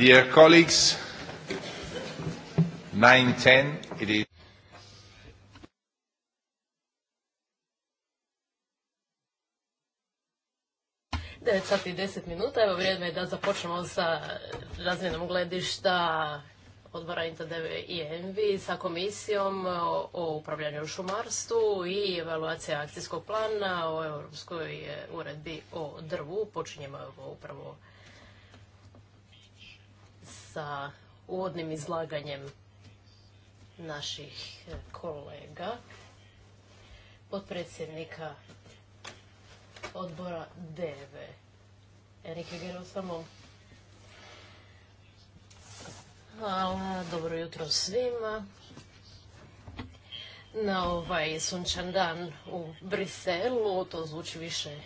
Dear colleagues, 9.10, it is... Devet sati i deset minuta, evo vrijeme je da započnemo sa razmjenom gledišta odbora INTADV i ENVI sa komisijom o upravljanju u šumarstvu i evaluacija akcijskog plana o Europskoj uredbi o drvu. Počinjemo upravo sa uvodnim izlaganjem naših e, kolega, potpredsjednika odbora DEVE, Erike Gerosamo. Hvala, dobro jutro svima. Na ovaj sunčan dan u Briselu, to zvuči više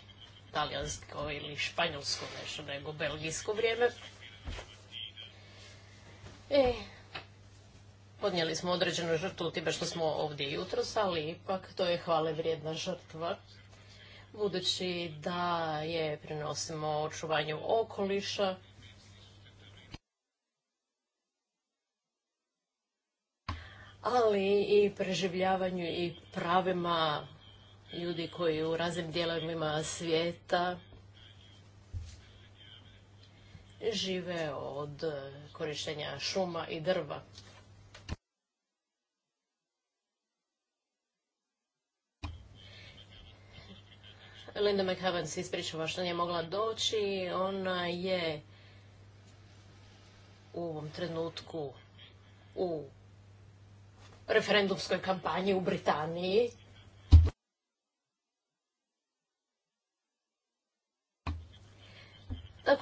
talijansko ili španjolsko nešto nego belgijsko vrijeme. E, podnijeli smo određenu žrtvu time što smo ovdje jutros, ali ipak to je hvale vrijedna žrtva. Budući da je prinosimo očuvanju okoliša, ali i preživljavanju i pravima ljudi koji u raznim dijelovima svijeta žive od eh, korištenja šuma i drva. Linda McHaven se ispričava što nije mogla doći. Ona je u ovom trenutku u referendumskoj kampanji u Britaniji.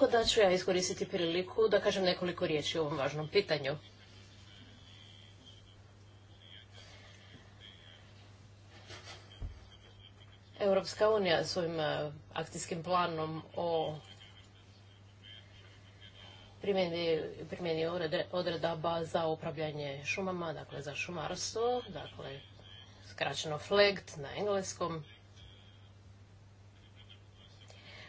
tako da ću ja iskoristiti priliku da kažem nekoliko riječi o ovom važnom pitanju. Europska unija svojim e, akcijskim planom o primjeni, primjeni odredaba za upravljanje šumama, dakle za šumarstvo, dakle skraćeno FLEGT na engleskom,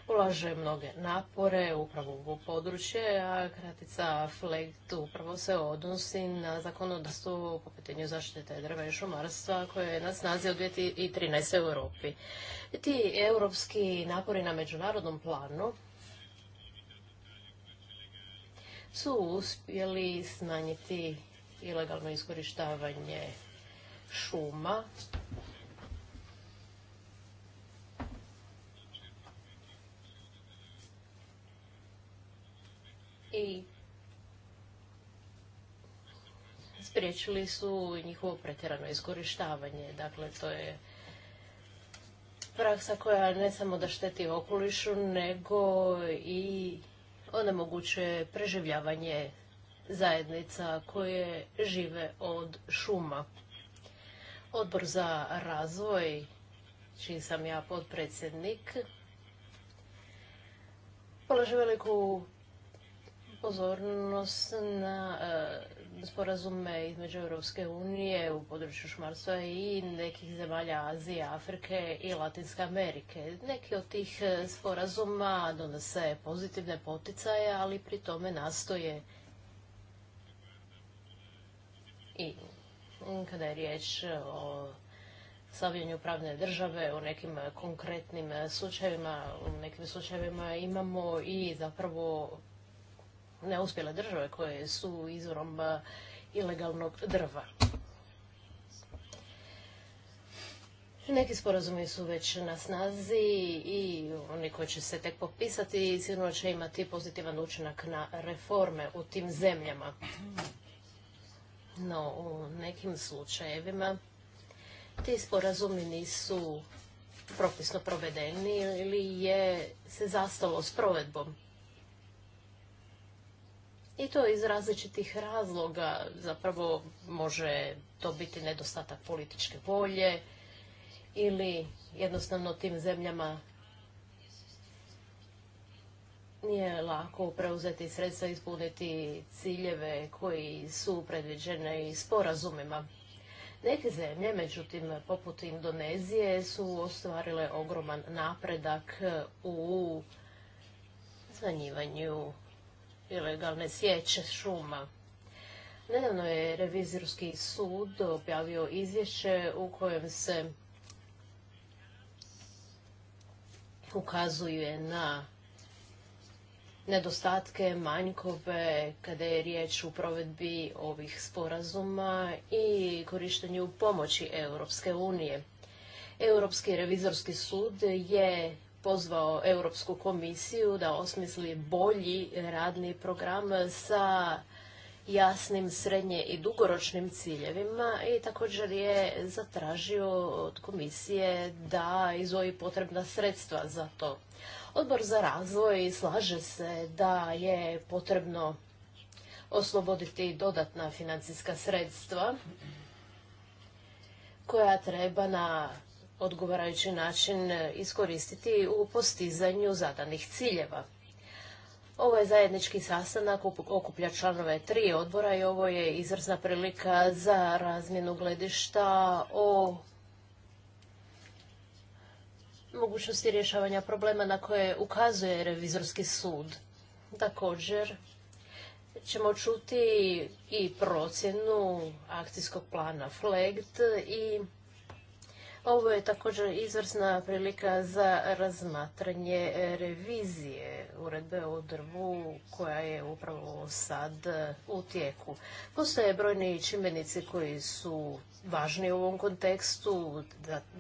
ulaže mnoge napore upravo u područje, a kratica FLEGT upravo se odnosi na zakonodavstvo po pitanju zaštite drva i šumarstva koje je na snazi od 2013. u Europi. Ti europski napori na međunarodnom planu su uspjeli smanjiti ilegalno iskorištavanje šuma i spriječili su njihovo pretjerano iskorištavanje. Dakle, to je praksa koja ne samo da šteti okolišu, nego i onemogućuje preživljavanje zajednica koje žive od šuma. Odbor za razvoj, čiji sam ja podpredsjednik, polaže veliku pozornost na e, sporazume između Europske unije u području šmarstva i nekih zemalja Azije, Afrike i Latinske Amerike. Neki od tih e, sporazuma donose pozitivne poticaje, ali pri tome nastoje i kada je riječ o stavljanju pravne države u nekim konkretnim e, slučajevima, u nekim slučajevima imamo i zapravo neuspjele države koje su izvorom e, ilegalnog drva. Neki sporazumi su već na snazi i oni koji će se tek popisati sigurno će imati pozitivan učinak na reforme u tim zemljama. No, u nekim slučajevima ti sporazumi nisu propisno provedeni ili je se zastalo s provedbom. I to iz različitih razloga. Zapravo može to biti nedostatak političke volje ili jednostavno tim zemljama nije lako preuzeti sredstva i ispuniti ciljeve koji su predviđene i sporazumima. Neke zemlje, međutim, poput Indonezije, su ostvarile ogroman napredak u zanjivanju ilegalne sjeće šuma. Nedavno je revizorski sud objavio izvješće u kojem se ukazuje na nedostatke, manjkove kada je riječ u provedbi ovih sporazuma i korištenju pomoći Europske unije. Europski revizorski sud je pozvao Europsku komisiju da osmisli bolji radni program sa jasnim srednje i dugoročnim ciljevima i također je zatražio od komisije da izvoji potrebna sredstva za to. Odbor za razvoj slaže se da je potrebno osloboditi dodatna financijska sredstva koja treba na odgovarajući način e, iskoristiti u postizanju zadanih ciljeva. Ovo je zajednički sastanak, okuplja članove tri odbora i ovo je izvrsna prilika za razmjenu gledišta o mogućnosti rješavanja problema na koje ukazuje revizorski sud. Također ćemo čuti i procjenu akcijskog plana FLEGT i ovo je također izvrsna prilika za razmatranje e, revizije uredbe o drvu koja je upravo sad e, u tijeku. Postoje brojni čimbenici koji su važni u ovom kontekstu,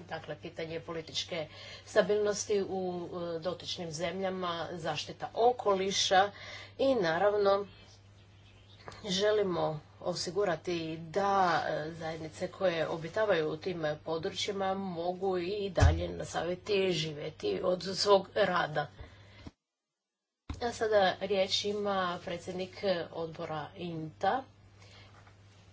dakle pitanje političke stabilnosti u e, dotičnim zemljama, zaštita okoliša i naravno želimo osigurati da e, zajednice koje obitavaju u tim područjima mogu i dalje na nastaviti živjeti od svog rada. A sada riječ ima predsjednik odbora INTA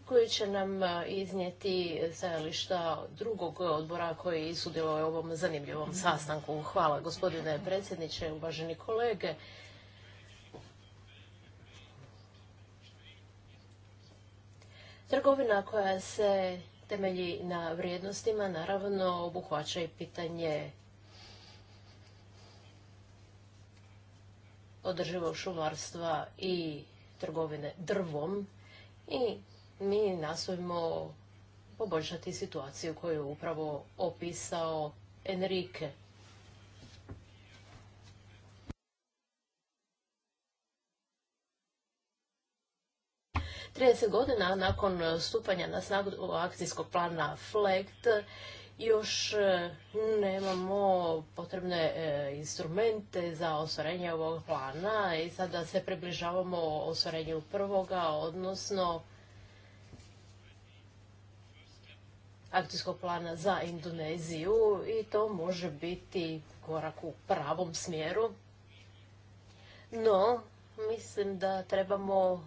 koji će nam e, iznijeti stajališta drugog odbora koji sudjeluje u ovom zanimljivom sastanku. Hvala gospodine predsjedniče, uvaženi kolege. Trgovina koja se temelji na vrijednostima naravno obuhvaća i pitanje održivog šumarstva i trgovine drvom i mi nastojimo poboljšati situaciju koju je upravo opisao Enrique. 30 godina nakon e, stupanja na snagu akcijskog plana FLECT e, još e, nemamo potrebne instrumente za osvarenje ovog plana i sada se približavamo osvarenju prvoga, odnosno akcijskog plana za Indoneziju i to može biti korak u pravom smjeru. No, mislim da trebamo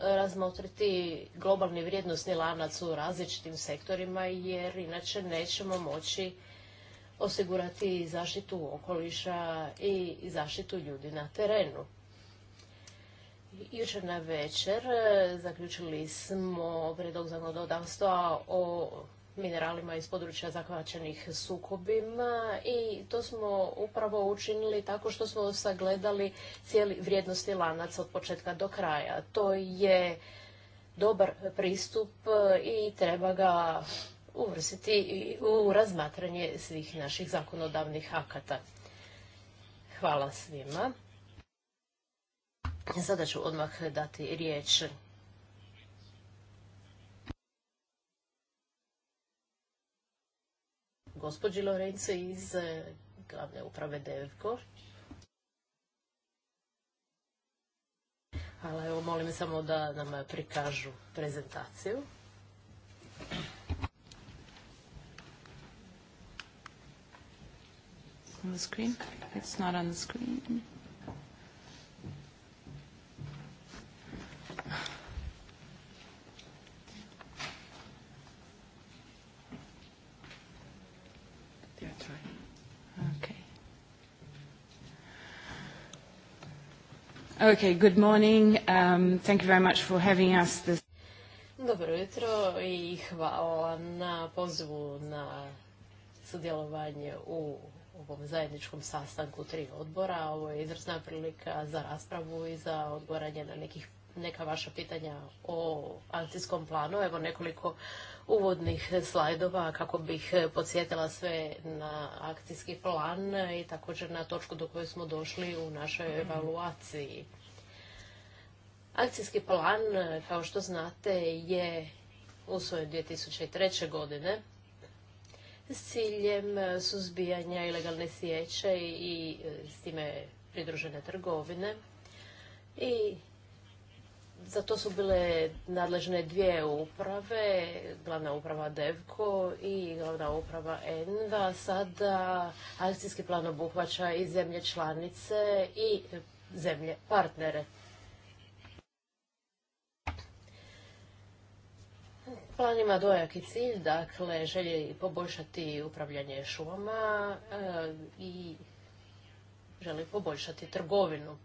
razmotriti globalni vrijednosni lanac u različitim sektorima jer inače nećemo moći osigurati zaštitu okoliša i zaštitu ljudi na terenu. Jučer na večer e, zaključili smo predlog zakonodavstva o mineralima iz područja zahvaćenih sukobima i to smo upravo učinili tako što smo sagledali cijeli vrijednosti lanac od početka do kraja. To je dobar pristup i treba ga uvrstiti u razmatranje svih naših zakonodavnih akata. Hvala svima. Sada ću odmah dati riječ gospođi Lorenzo iz eh, glavne uprave DEVKO. Hvala, evo molim samo da nam prikažu prezentaciju. On the screen? It's not on the screen. Okay, good morning. Um, thank you very much for having us this... Dobro jutro i hvala na pozivu na sudjelovanje u ovom zajedničkom sastanku tri odbora. Ovo je izrazna prilika za raspravu i za odgovaranje na nekih neka vaša pitanja o akcijskom planu. Evo nekoliko uvodnih slajdova kako bih podsjetila sve na akcijski plan i također na točku do koje smo došli u našoj evaluaciji. Akcijski plan, kao što znate, je usvojen 2003. godine s ciljem suzbijanja ilegalne sjeće i s time pridružene trgovine. I za to su bile nadležne dvije uprave, glavna uprava DEVKO i glavna uprava ENVA. Sada akcijski plan obuhvaća i zemlje članice i zemlje partnere. Plan ima dojak i cilj, dakle želje poboljšati upravljanje šumama e, i želi poboljšati trgovinu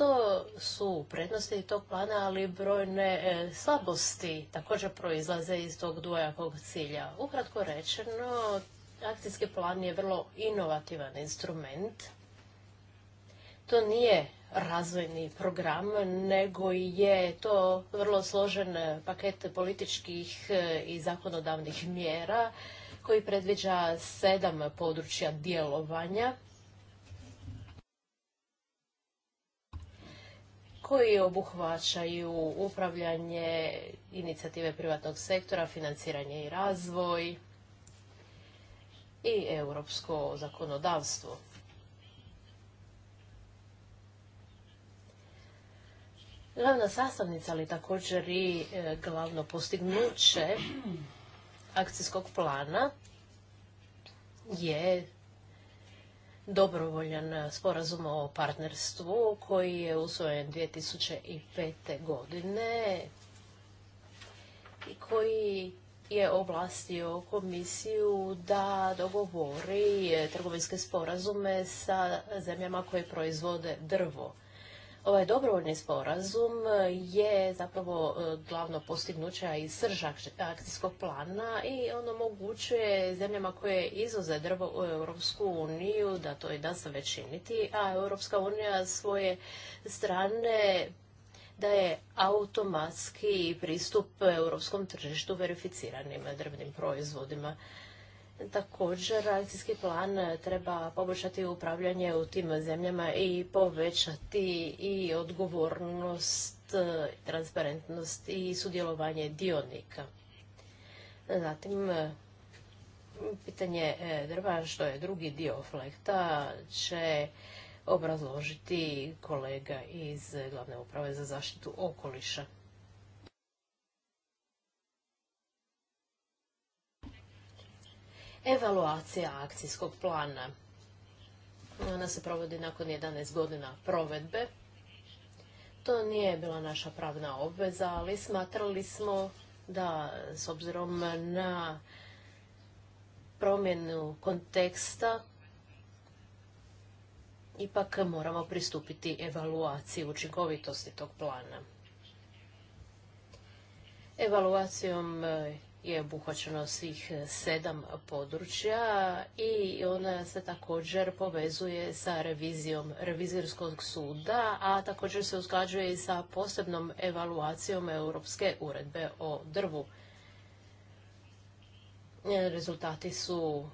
to su prednosti tog plana, ali brojne e, slabosti također proizlaze iz tog dvojakog cilja. Ukratko rečeno, akcijski plan je vrlo inovativan instrument. To nije razvojni program, nego je to vrlo složen paket političkih e, i zakonodavnih mjera koji predviđa sedam područja djelovanja koji obuhvaćaju upravljanje inicijative privatnog sektora, financiranje i razvoj i europsko zakonodavstvo. Glavna sastavnica, ali također i e, glavno postignuće akcijskog plana je dobrovoljan sporazum o partnerstvu koji je usvojen 2005. godine i koji je ovlastio komisiju da dogovori trgovinske sporazume sa zemljama koje proizvode drvo. Ovaj dobrovoljni sporazum je zapravo e, glavno postignuća i srž akcijskog plana i on omogućuje zemljama koje izvoze drvo u Europsku uniju da to i da se već činiti, a Europska unija svoje strane daje automatski pristup europskom tržištu verificiranim drvnim proizvodima. Također, akcijski plan treba poboljšati upravljanje u tim zemljama i povećati i odgovornost, transparentnost i sudjelovanje dionika. Zatim, pitanje e, drva, što je drugi dio flekta, će obrazložiti kolega iz Glavne uprave za zaštitu okoliša. evaluacija akcijskog plana. Ona se provodi nakon 11 godina provedbe. To nije bila naša pravna obveza, ali smatrali smo da s obzirom na promjenu konteksta ipak moramo pristupiti evaluaciji učinkovitosti tog plana. Evaluacijom je obuhvaćeno svih sedam područja i ona se također povezuje sa revizijom revizorskog suda, a također se usklađuje i sa posebnom evaluacijom Europske uredbe o drvu. E, rezultati su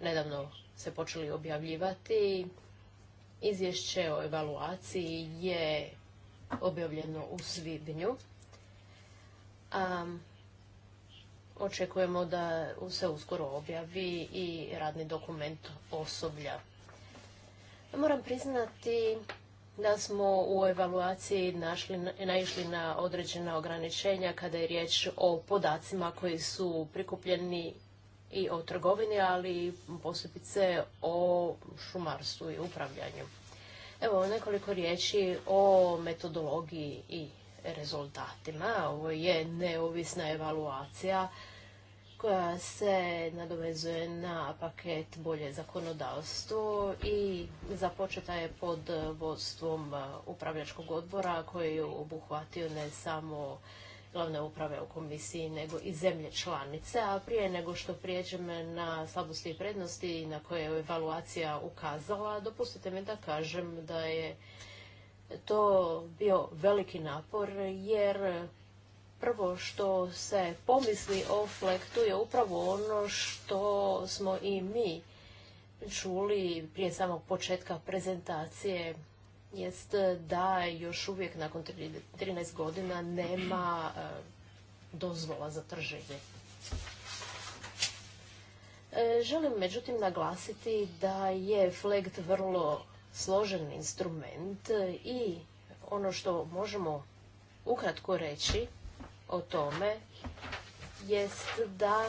nedavno se počeli objavljivati. Izvješće o evaluaciji je objavljeno u svibnju. Um, očekujemo da se uskoro objavi i radni dokument osoblja. Moram priznati da smo u evaluaciji naišli na određena ograničenja kada je riječ o podacima koji su prikupljeni i o trgovini, ali posebice o šumarstvu i upravljanju. Evo nekoliko riječi o metodologiji i rezultatima. Ovo je neovisna evaluacija koja se nadovezuje na paket bolje zakonodavstvo i započeta je pod vodstvom e, upravljačkog odbora koji je obuhvatio ne samo glavne uprave u komisiji nego i zemlje članice, a prije nego što prijeđem na slabosti i prednosti na koje je evaluacija ukazala, dopustite mi da kažem da je to bio veliki napor jer prvo što se pomisli o flektu je upravo ono što smo i mi čuli prije samog početka prezentacije jest da još uvijek nakon 13 godina nema e, dozvola za trženje. E, želim međutim naglasiti da je flekt vrlo složen instrument e, i ono što možemo ukratko reći o tome jest da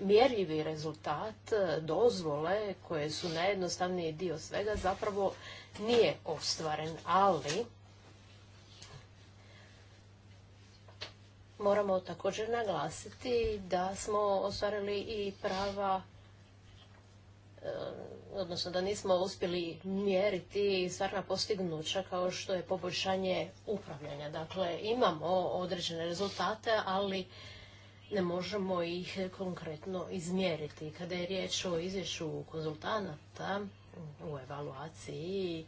mjerljivi rezultat e, dozvole koje su najjednostavniji dio svega zapravo nije ostvaren, ali moramo također naglasiti da smo ostvarili i prava Eh, odnosno da nismo uspjeli mjeriti stvarna postignuća kao što je poboljšanje upravljanja. Dakle, imamo određene rezultate, ali ne možemo ih konkretno izmjeriti. Kada je riječ o izvješću konzultanata u evaluaciji,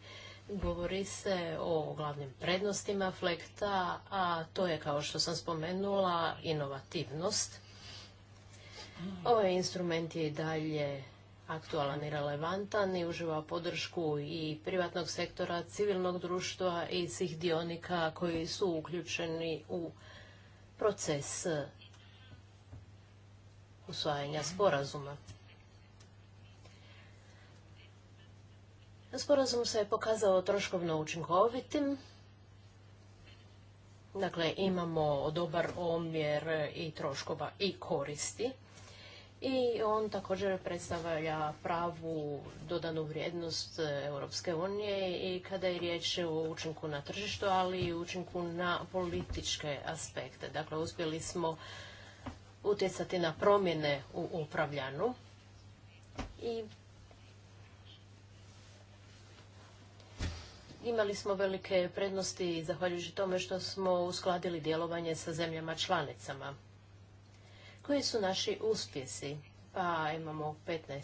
govori se o glavnim prednostima flekta, a to je, kao što sam spomenula, inovativnost. Ovaj instrument je i dalje aktualan i relevantan i uživa podršku i privatnog sektora, civilnog društva i svih dionika koji su uključeni u proces usvajanja sporazuma. Sporazum se je pokazao troškovno učinkovitim. Dakle, imamo dobar omjer i troškova i koristi i on također predstavlja pravu dodanu vrijednost e, Europske unije i kada je riječ o učinku na tržištu, ali i učinku na političke aspekte. Dakle, uspjeli smo utjecati na promjene u upravljanu i imali smo velike prednosti zahvaljujući tome što smo uskladili djelovanje sa zemljama članicama. Koji su naši uspjesi? Pa imamo 15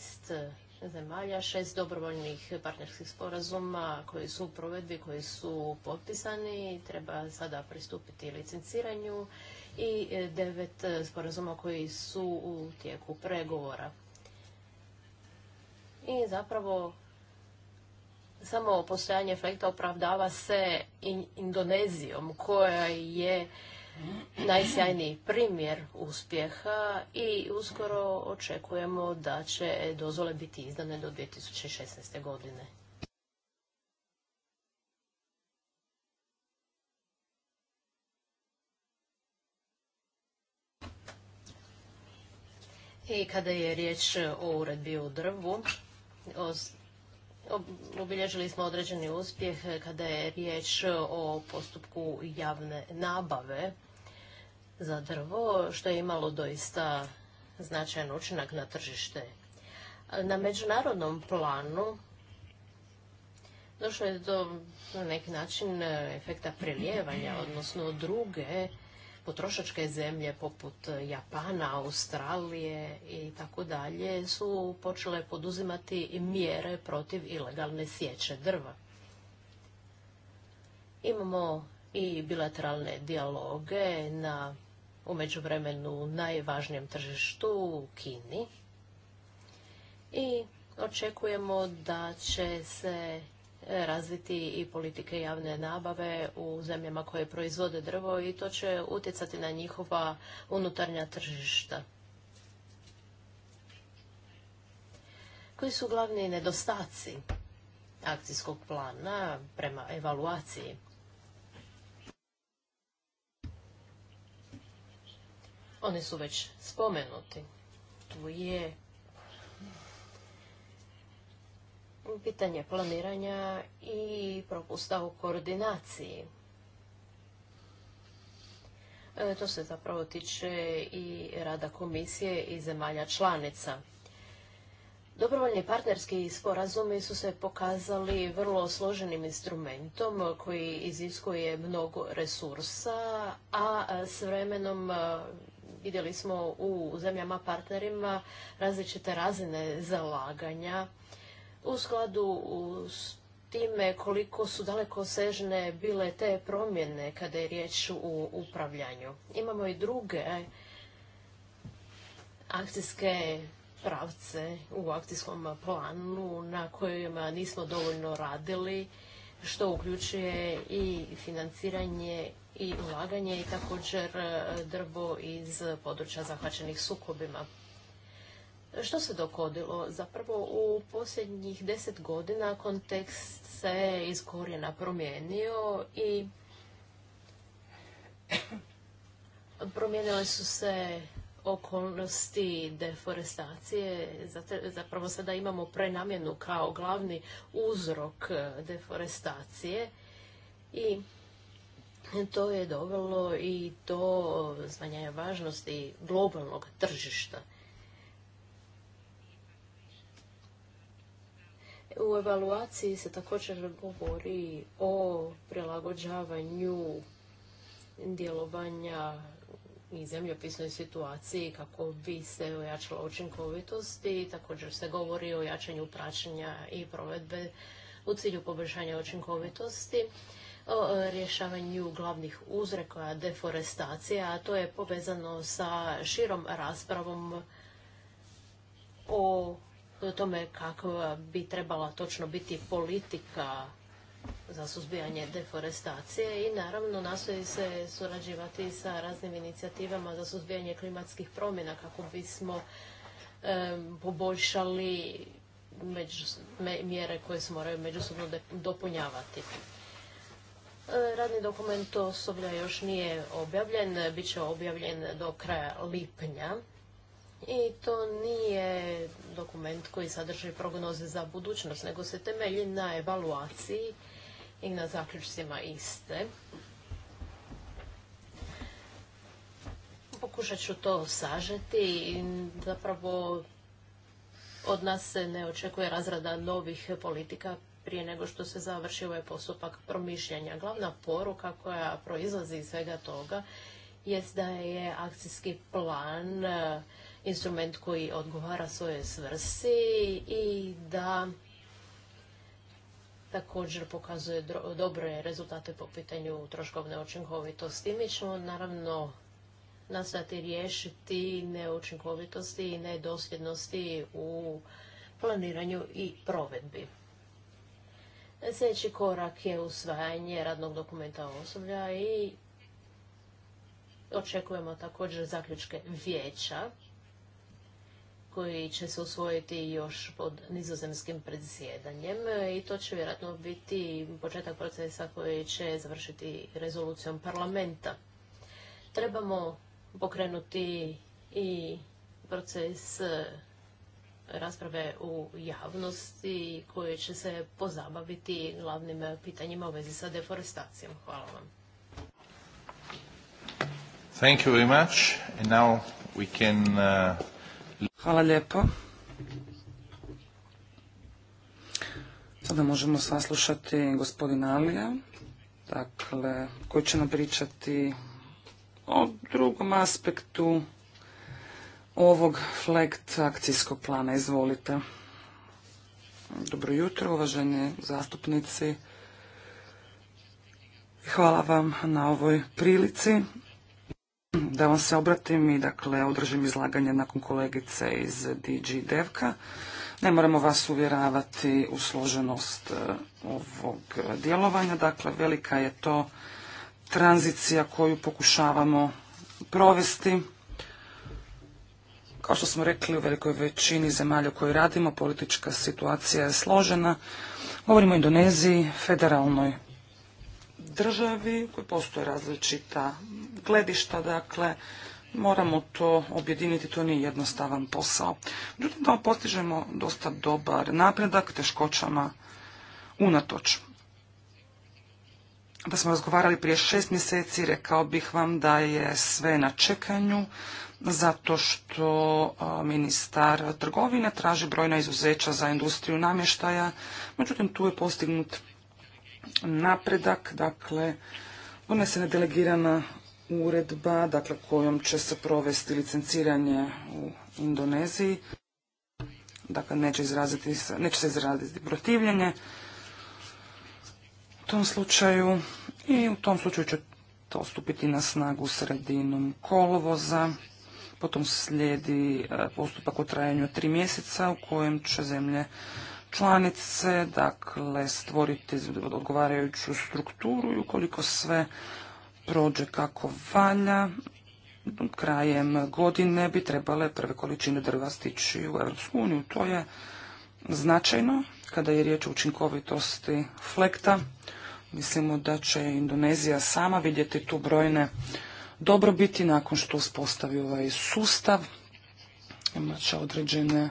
eh, zemalja, šest dobrovoljnih partnerskih sporazuma koji su u provedbi, koji su potpisani. Treba sada pristupiti licenciranju i eh, devet eh, sporazuma koji su u tijeku pregovora. I zapravo samo postojanje efekta opravdava se Indonezijom koja je najsjajniji primjer uspjeha i uskoro očekujemo da će dozvole biti izdane do 2016. godine. I kada je riječ o uredbi u drvu, obilježili smo određeni uspjeh kada je riječ o postupku javne nabave za drvo, što je imalo doista značajan učinak na tržište. Na međunarodnom planu došlo je do na neki način efekta prelijevanja, odnosno druge potrošačke zemlje poput Japana, Australije i tako dalje su počele poduzimati mjere protiv ilegalne sječe drva. Imamo i bilateralne dijaloge na u međuvremenu najvažnijem tržištu u Kini. I očekujemo da će se e, razviti i politike javne nabave u zemljama koje proizvode drvo i to će utjecati na njihova unutarnja tržišta. Koji su glavni nedostaci akcijskog plana prema evaluaciji? Oni su već spomenuti. Tu je pitanje planiranja i propusta u koordinaciji. E, to se zapravo tiče i rada komisije i zemalja članica. Dobrovoljni partnerski sporazumi su se pokazali vrlo složenim instrumentom koji iziskuje mnogo resursa, a s vremenom vidjeli smo u zemljama partnerima različite razine zalaganja u skladu s time koliko su daleko sežne bile te promjene kada je riječ o upravljanju. Imamo i druge akcijske pravce u akcijskom planu na kojima nismo dovoljno radili što uključuje i financiranje i ulaganje i također e, drvo iz područja zahvaćenih sukobima. Što se dogodilo? Zapravo u posljednjih deset godina kontekst se iz korijena promijenio i promijenile su se okolnosti deforestacije, zapravo sada imamo prenamjenu kao glavni uzrok e, deforestacije i to je dovelo i do smanjenja važnosti globalnog tržišta. U evaluaciji se također govori o prilagođavanju djelovanja i zemljopisnoj situaciji kako bi se ojačala učinkovitost također se govori o jačanju praćenja i provedbe u cilju poboljšanja učinkovitosti rješavanju glavnih uzreka deforestacije, a to je povezano sa širom raspravom o tome kako bi trebala točno biti politika za suzbijanje deforestacije i naravno nastoji se surađivati sa raznim inicijativama za suzbijanje klimatskih promjena kako bismo poboljšali mjere koje se moraju međusobno dopunjavati. E, radni dokument osoblja još nije objavljen, bit će objavljen do kraja lipnja. I to nije dokument koji sadrži prognoze za budućnost, nego se temelji na evaluaciji i na zaključcima iste. Pokušat ću to sažeti i zapravo od nas se ne očekuje razrada novih politika prije nego što se završi ovaj postupak promišljanja. Glavna poruka koja proizlazi iz svega toga jest da je akcijski plan eh, instrument koji odgovara svoje svrsi i da također pokazuje dobre rezultate po pitanju troškovne učinkovitosti. Mi ćemo naravno nastojati riješiti neučinkovitosti i nedosljednosti u planiranju i provedbi. Sljedeći korak je usvajanje radnog dokumenta osoblja i očekujemo također zaključke vijeća koji će se usvojiti još pod nizozemskim predsjedanjem i to će vjerojatno biti početak procesa koji će završiti rezolucijom parlamenta. Trebamo pokrenuti i proces e, rasprave u javnosti koji će se pozabaviti glavnim pitanjima u vezi sa deforestacijom. Hvala vam. Thank you very much. And now we can uh, Hvala lijepo. Sada možemo saslušati gospodina Alija, dakle, koji će nam pričati o drugom aspektu ovog flekt akcijskog plana. Izvolite. Dobro jutro, uvaženi zastupnici. Hvala vam na ovoj prilici da vam se obratim i dakle održim izlaganje nakon kolegice iz DG Devka. Ne moramo vas uvjeravati u složenost e, ovog djelovanja, dakle velika je to tranzicija koju pokušavamo provesti. Kao što smo rekli, u velikoj većini zemalja u kojoj radimo politička situacija je složena. Govorimo o Indoneziji, federalnoj državi, koje postoje različita gledišta, dakle, moramo to objediniti, to nije jednostavan posao. Međutim, da postižemo dosta dobar napredak teškoćama unatoč. Da smo razgovarali prije šest mjeseci, rekao bih vam da je sve na čekanju, zato što ministar trgovine traži brojna izuzeća za industriju namještaja, međutim tu je postignut napredak, dakle, donesena je delegirana uredba, dakle, kojom će se provesti licenciranje u Indoneziji. Dakle, neće, izraziti, neće se izraziti protivljenje u tom slučaju i u tom slučaju će to stupiti na snagu sredinom kolovoza. Potom slijedi e, postupak u trajanju tri mjeseca u kojem će zemlje članice, dakle stvoriti odgovarajuću strukturu i ukoliko sve prođe kako valja, krajem godine bi trebale prve količine drva stići u Europsku uniju. To je značajno kada je riječ o učinkovitosti flekta. Mislimo da će Indonezija sama vidjeti tu brojne dobrobiti nakon što uspostavi ovaj sustav. Imaće određene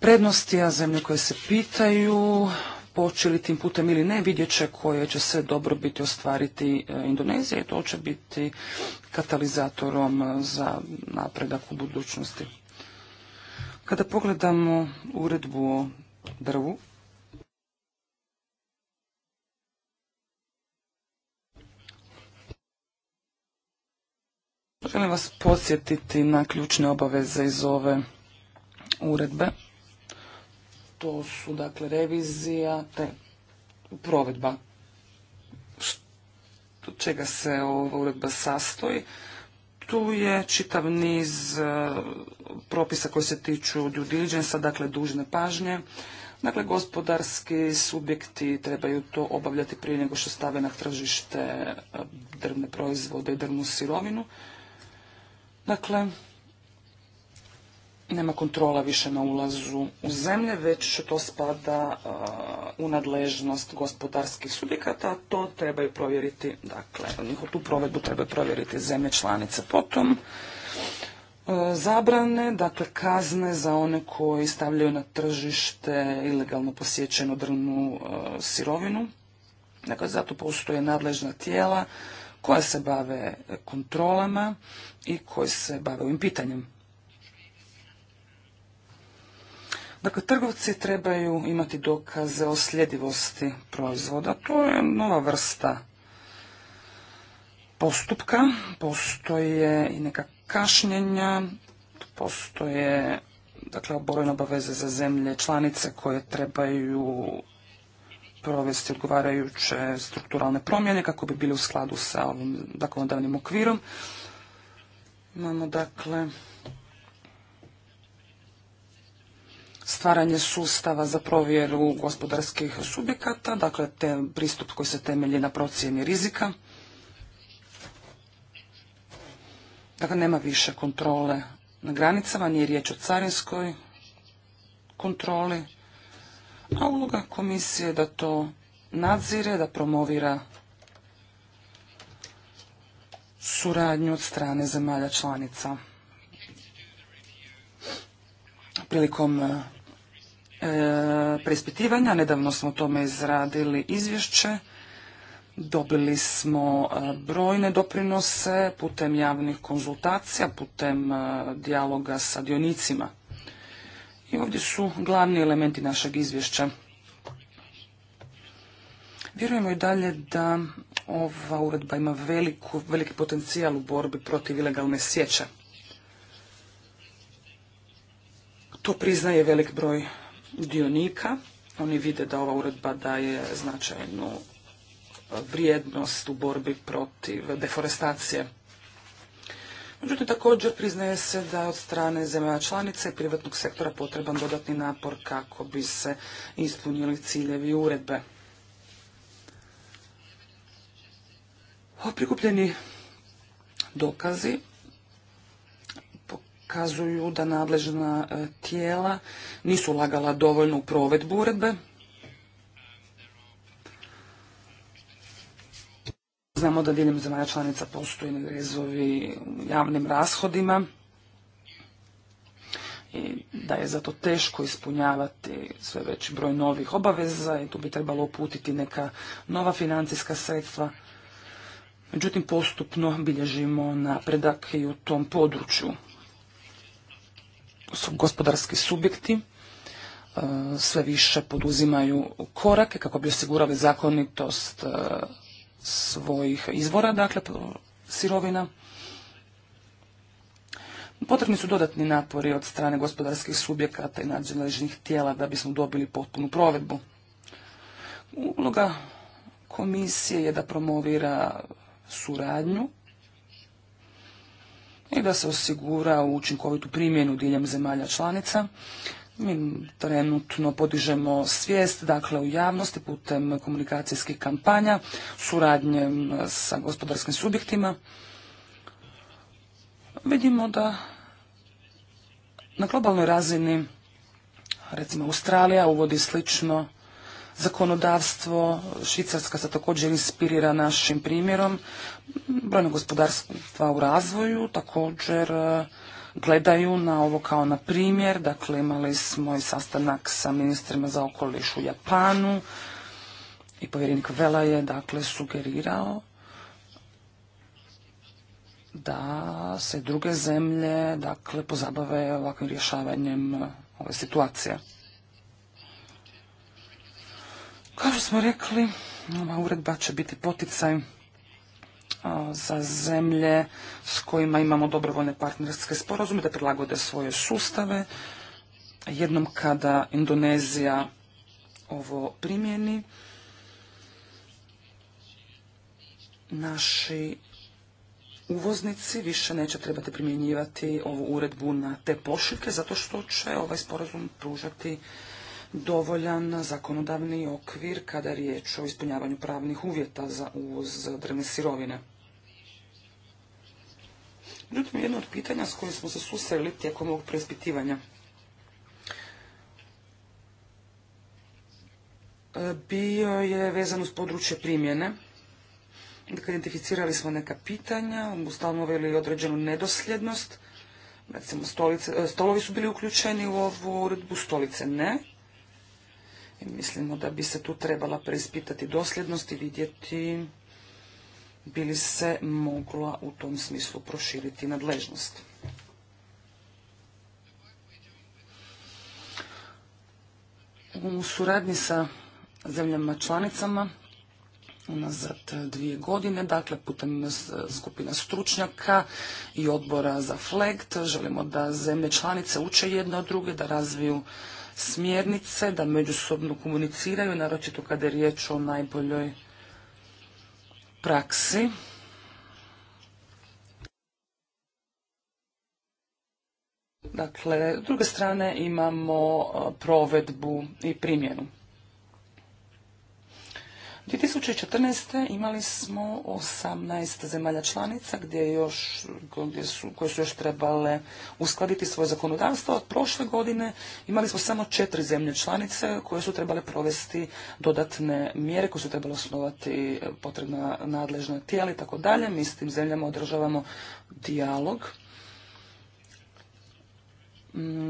prednosti, a zemlje koje se pitaju počeli tim putem ili ne, vidjet će koje će se dobro biti ostvariti e, Indonezija i to će biti katalizatorom e, za napredak u budućnosti. Kada pogledamo uredbu o drvu, Želim vas podsjetiti na ključne obaveze iz ove uredbe to su dakle revizija te provedba od čega se ova uredba sastoji. Tu je čitav niz e, propisa koji se tiču due diligence dakle dužne pažnje. Dakle, gospodarski subjekti trebaju to obavljati prije nego što stave na tržište e, drvne proizvode i drvnu sirovinu. Dakle, nema kontrola više na ulazu u zemlje, već to spada u nadležnost gospodarskih subjekata, to trebaju provjeriti, dakle, njihov tu provedbu treba provjeriti zemlje članice. Potom, e, zabrane, dakle kazne za one koji stavljaju na tržište ilegalno posjećenu drvnu e, sirovinu. Dakle, zato postoje nadležna tijela koja se bave kontrolama i koji se bave ovim pitanjem. Dakle, trgovci trebaju imati dokaze o sljedivosti proizvoda. To je nova vrsta postupka. Postoje i neka kašnjenja, postoje dakle, oborojne obaveze za zemlje članice koje trebaju provesti odgovarajuće strukturalne promjene kako bi bili u skladu sa ovim zakonodavnim okvirom. Imamo dakle stvaranje sustava za provjeru gospodarskih subjekata, dakle te pristup koji se temelji na procjeni rizika. Dakle, nema više kontrole na granicama, nije riječ o carinskoj kontroli, a uloga komisije je da to nadzire, da promovira suradnju od strane zemalja članica. Prilikom E, preispitivanja. Nedavno smo o tome izradili izvješće. Dobili smo e, brojne doprinose putem javnih konzultacija, putem e, dijaloga sa dionicima. I ovdje su glavni elementi našeg izvješća. Vjerujemo i dalje da ova uredba ima veliku, veliki potencijal u borbi protiv ilegalne sjeće. To priznaje velik broj dionika. Oni vide da ova uredba daje značajnu vrijednost u borbi protiv deforestacije. Međutim, također priznaje se da od strane zemlja članice i privatnog sektora potreban dodatni napor kako bi se ispunili ciljevi uredbe. O prikupljeni dokazi kazuju da nadležna e, tijela nisu lagala dovoljno u provedbu uredbe. Znamo da diljem zemalja članica postoji rezovi u javnim rashodima i da je zato teško ispunjavati sve veći broj novih obaveza i tu bi trebalo uputiti neka nova financijska sredstva. Međutim, postupno bilježimo napredak i u tom području su gospodarski subjekti e, sve više poduzimaju korake kako bi osigurali zakonitost e, svojih izvora, dakle sirovina. Potrebni su dodatni napori od strane gospodarskih subjekata i nadležnih tijela da bismo dobili potpunu provedbu. Uloga komisije je da promovira suradnju i da se osigura učinkovitu primjenu diljem zemalja članica. Mi trenutno podižemo svijest, dakle, u javnosti putem komunikacijskih kampanja, suradnje sa gospodarskim subjektima. Vidimo da na globalnoj razini, recimo Australija, uvodi slično zakonodavstvo. Švicarska se također inspirira našim primjerom. brojno gospodarstva u razvoju također e, gledaju na ovo kao na primjer. Dakle, imali smo i sastanak sa ministrima za okoliš u Japanu i povjerenik Vela je dakle sugerirao da se druge zemlje dakle pozabave ovakvim rješavanjem ove situacije. Kao što smo rekli, ova uredba će biti poticaj e, za zemlje s kojima imamo dobrovoljne partnerske sporazume da prilagode svoje sustave. Jednom kada Indonezija ovo primjeni, naši uvoznici više neće trebati primjenjivati ovu uredbu na te pošiljke zato što će ovaj sporazum pružati dovoljan zakonodavni okvir kada je riječ o ispunjavanju pravnih uvjeta za uvoz drvne sirovine. Međutim, jedno od pitanja s kojim smo se susreli tijekom ovog preispitivanja e, bio je vezan uz područje primjene. Dakle, identificirali smo neka pitanja, ustanovili određenu nedosljednost. Recimo, e, stolovi su bili uključeni u ovu uredbu, stolice ne. I mislimo da bi se tu trebala preispitati dosljednost i vidjeti bi li se mogla u tom smislu proširiti nadležnost. U suradnji sa zemljama članicama unazad dvije godine, dakle putem e, skupina stručnjaka i odbora za flegt. Želimo da zemlje članice uče jedne od druge, da razviju smjernice, da međusobno komuniciraju, naročito kada je riječ o najboljoj praksi. Dakle, s druge strane imamo provedbu i primjenu. 2014. imali smo 18 zemalja članica gdje još, gdje su, koje su još trebale uskladiti svoje zakonodavstvo. Od prošle godine imali smo samo četiri zemlje članice koje su trebale provesti dodatne mjere, koje su trebale osnovati e, potrebna nadležna tijela i tako dalje. Mi s tim zemljama održavamo dijalog.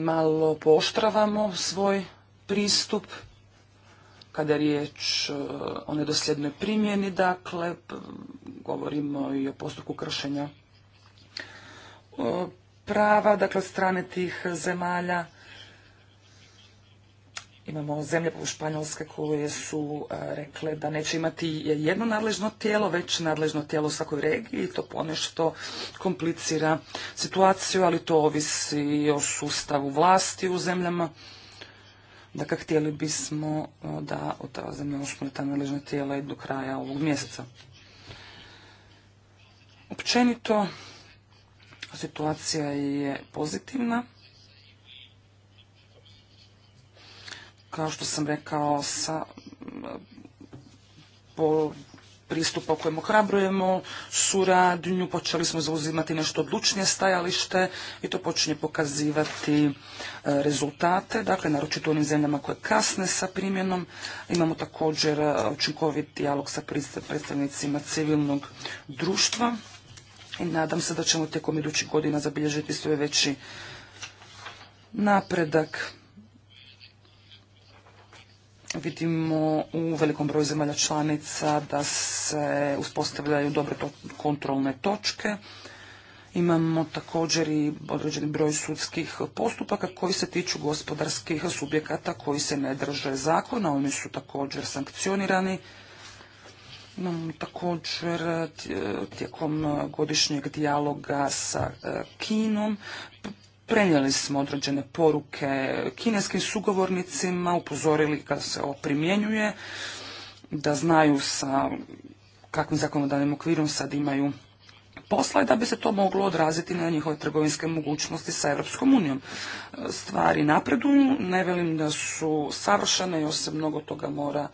Malo poštravamo svoj pristup kada je riječ e, o nedosljednoj primjeni, dakle, govorimo i o postupku kršenja e, prava, dakle, strane tih zemalja. Imamo zemlje poput Španjolske koje su e, rekle da neće imati jedno nadležno tijelo, već nadležno tijelo u svakoj regiji. To ponešto komplicira situaciju, ali to ovisi i o sustavu vlasti u zemljama. Dakle, htjeli bismo e, da od ta nadležna tijela i do kraja ovog mjeseca. Općenito, situacija je pozitivna. Kao što sam rekao, sa po, pristupa u kojem ohrabrujemo suradnju, počeli smo zauzimati nešto odlučnije stajalište i to počinje pokazivati e, rezultate, dakle naročito onim zemljama koje kasne sa primjenom. Imamo također e, učinkovit dijalog sa predstavnicima civilnog društva i nadam se da ćemo tijekom idućih godina zabilježiti sve veći napredak Vidimo u velikom broju zemalja članica da se uspostavljaju dobre kontrolne točke. Imamo također i određeni broj sudskih postupaka koji se tiču gospodarskih subjekata koji se ne drže zakona. Oni su također sankcionirani. Imamo također eh, tijekom godišnjeg dijaloga sa eh, Kinom Prenijeli smo određene poruke kineskim sugovornicima, upozorili kad se ovo primjenjuje, da znaju sa kakvim zakonodavnim okvirom sad imaju posla i da bi se to moglo odraziti na njihove trgovinske mogućnosti sa Europskom unijom. Stvari napreduju, ne velim da su savršene, još se mnogo toga mora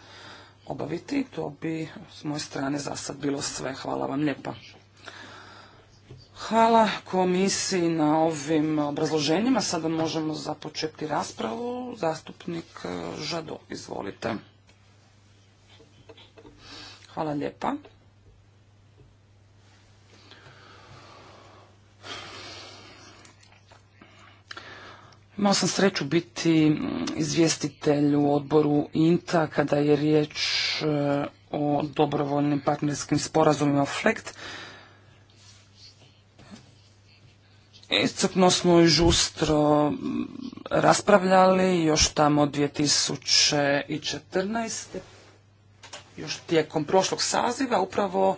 obaviti. To bi s moje strane za sad bilo sve. Hvala vam lijepa. Hvala komisiji na ovim obrazloženjima. Sada možemo započeti raspravu. Zastupnik e, Žado, izvolite. Hvala lijepa. Imao sam sreću biti izvjestitelj u odboru INTA kada je riječ e, o dobrovoljnim partnerskim sporazumima FLECT. Iscrpno smo i žustro raspravljali još tamo 2014. Još tijekom prošlog saziva upravo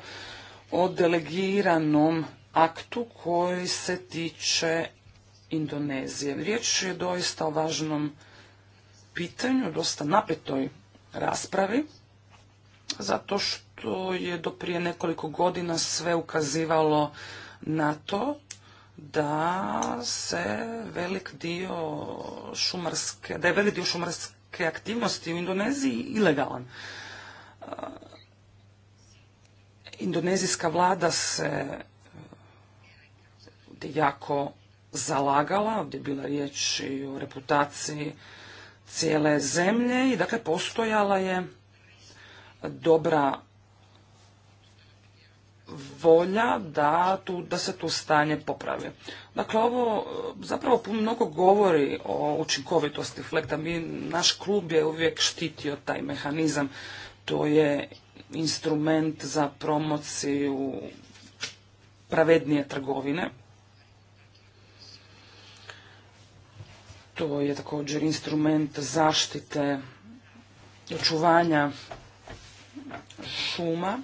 o delegiranom aktu koji se tiče Indonezije. Riječ je doista o važnom pitanju, dosta napetoj raspravi, zato što je do prije nekoliko godina sve ukazivalo na to da se velik dio šumarske, da je velik dio šumarske aktivnosti u Indoneziji ilegalan. E, indonezijska vlada se e, jako zalagala, ovdje je bila riječ i o reputaciji cijele zemlje i dakle postojala je dobra volja da, tu, da se tu stanje popravi. Dakle, ovo e, zapravo mnogo govori o učinkovitosti flekta. Mi, naš klub je uvijek štitio taj mehanizam. To je instrument za promociju pravednije trgovine. To je također instrument zaštite očuvanja šuma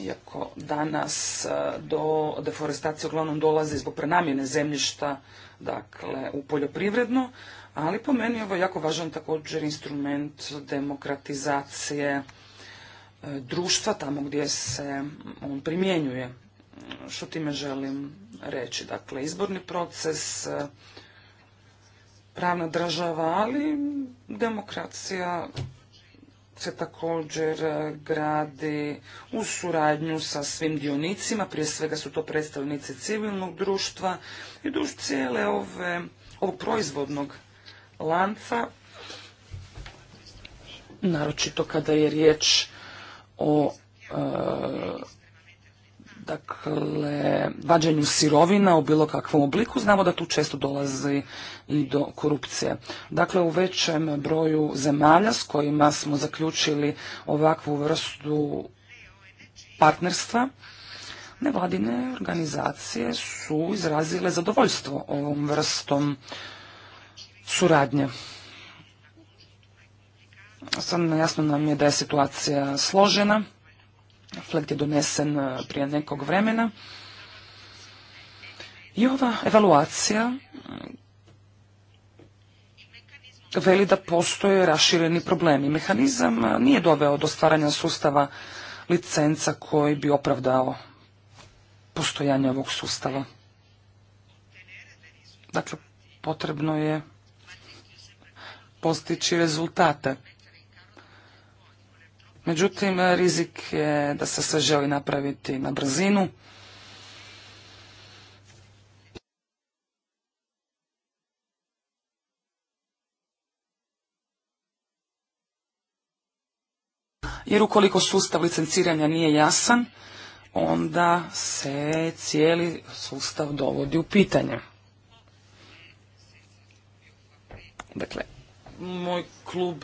iako danas e, do deforestacije uglavnom dolazi zbog prenamjene zemljišta dakle, u poljoprivredno, ali po meni ovo jako važan također instrument demokratizacije e, društva tamo gdje se on primjenjuje. Što time želim reći? Dakle, izborni proces, e, pravna država, ali demokracija se također e, gradi u suradnju sa svim dionicima, prije svega su to predstavnici civilnog društva i duž cijele ove, ovog proizvodnog lanca, naročito kada je riječ o e, dakle, vađenju sirovina u bilo kakvom obliku. Znamo da tu često dolazi i do korupcije. Dakle, u većem broju zemalja s kojima smo zaključili ovakvu vrstu partnerstva, nevladine organizacije su izrazile zadovoljstvo ovom vrstom suradnje. Sad jasno nam je da je situacija složena Flekt je donesen e, prije nekog vremena. I ova evaluacija e, veli da postoje rašireni problemi. Mehanizam e, nije doveo do stvaranja sustava licenca koji bi opravdao postojanje ovog sustava. Dakle, potrebno je postići rezultate. Međutim, rizik je da se sve želi napraviti na brzinu. Jer ukoliko sustav licenciranja nije jasan, onda se cijeli sustav dovodi u pitanje. Dakle, moj klub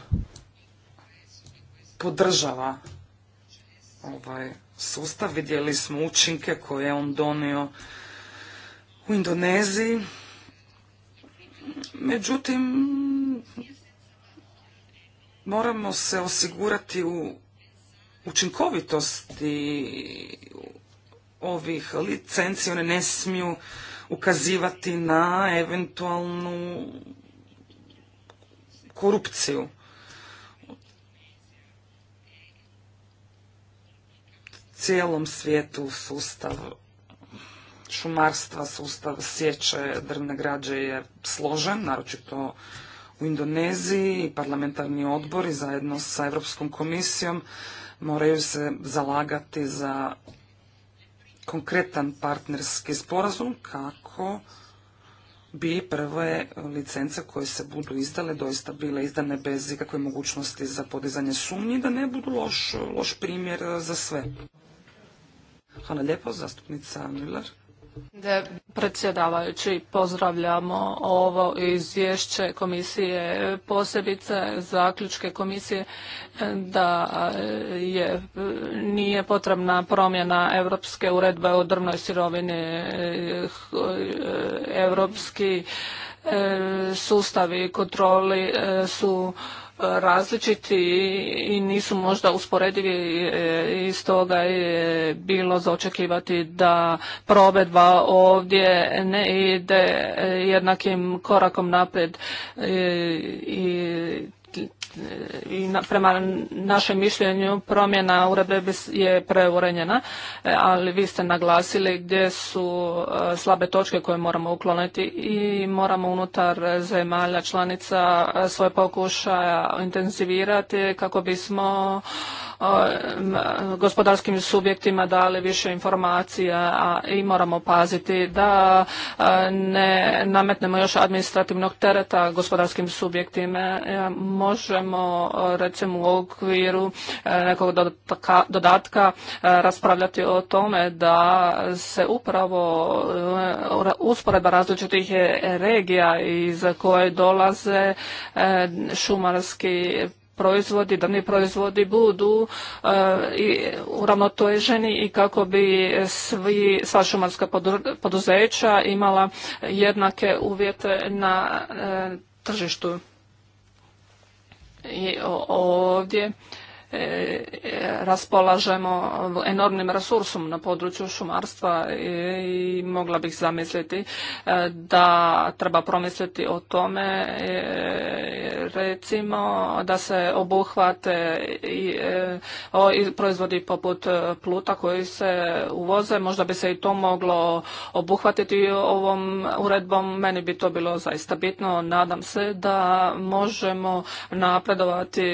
podržava ovaj sustav. Vidjeli smo učinke koje je on donio u Indoneziji. Međutim, moramo se osigurati u učinkovitosti ovih licenci. One ne smiju ukazivati na eventualnu korupciju. cijelom svijetu sustav šumarstva, sustav sječe drvne građe je složen, naročito u Indoneziji. i Parlamentarni odbori zajedno sa Europskom komisijom moraju se zalagati za konkretan partnerski sporazum kako bi prve licence koje se budu izdale doista bile izdane bez ikakve mogućnosti za podizanje sumnji da ne budu loš primjer za sve. Hvala lijepo, zastupnica Miller. predsjedavajući, pozdravljamo ovo izvješće komisije, posebice zaključke komisije da eh, je, nije potrebna promjena Europske uredbe o drvnoj sirovini. Eh, eh, Europski sustavi kontroli su različiti i nisu možda usporedivi e, i stoga je bilo za očekivati da provedba ovdje ne ide jednakim korakom naprijed e, i i prema našem mišljenju promjena uredbe je preurenjena, e, ali vi ste naglasili gdje su e, slabe točke koje moramo ukloniti i moramo unutar zemalja članica e, svoje pokušaja intenzivirati kako bismo gospodarskim subjektima dali više informacija a i moramo paziti da ne nametnemo još administrativnog tereta gospodarskim subjektima. E, možemo recimo u okviru e, nekog dodatka e, raspravljati o tome da se upravo usporedba različitih regija iz koje dolaze šumarski proizvodi, drvni proizvodi budu e, uravnoteženi i kako bi svi, sva šumarska poduzeća imala jednake uvjete na e, tržištu. I ovdje E, raspolažemo enormnim resursom na području šumarstva i mogla bih zamisliti e, da treba promisliti o tome e, recimo da se obuhvate i proizvodi poput pluta koji se uvoze, možda bi se i to moglo obuhvatiti ovom uredbom, meni bi to bilo zaista bitno, nadam se da možemo napredovati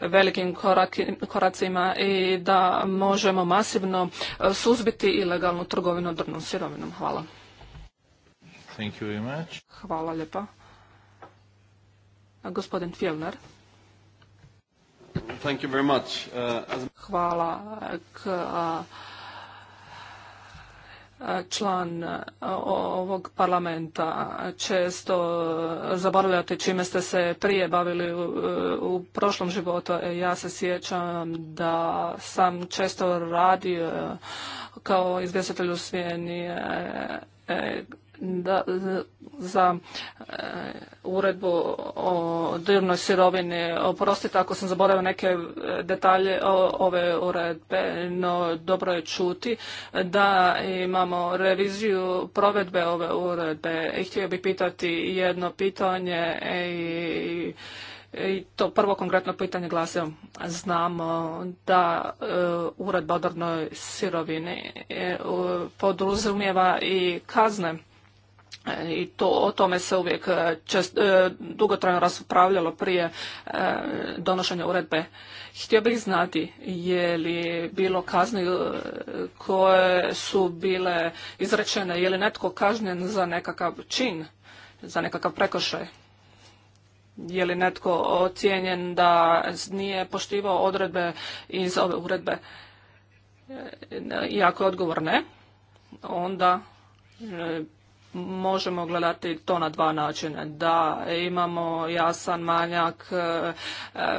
velikim korakom koracima i da možemo masivno e, suzbiti ilegalnu trgovinu drvnom sirovinom. Hvala. Thank you very much. Hvala lijepa. Gospodin Fjellner. Thank you very much. Uh, as... Hvala. K, uh, član e, ovog parlamenta često zaboravljate čime ste se prije bavili u, prošlom životu. Ja se sjećam da sam često radio kao izvjestitelj u smjeni e, e, da, za e, uredbu o drvnoj sirovini. Oprostite ako sam zaboravio neke e, detalje o, ove uredbe, no dobro je čuti da imamo reviziju provedbe ove uredbe. I htio bih pitati jedno pitanje i to prvo konkretno pitanje glasio. znamo da e, uredba o drvnoj sirovini podrazumijeva i kazne i to, o tome se uvijek e, čest, e, dugotrajno raspravljalo prije e, donošenja uredbe. Htio bih znati je li bilo kazni koje su bile izrečene, je li netko kažnjen za nekakav čin, za nekakav prekršaj. Je li netko ocijenjen da nije poštivao odredbe iz ove uredbe? Iako je odgovor ne, onda možemo gledati to na dva načina. Da, imamo jasan manjak e, e,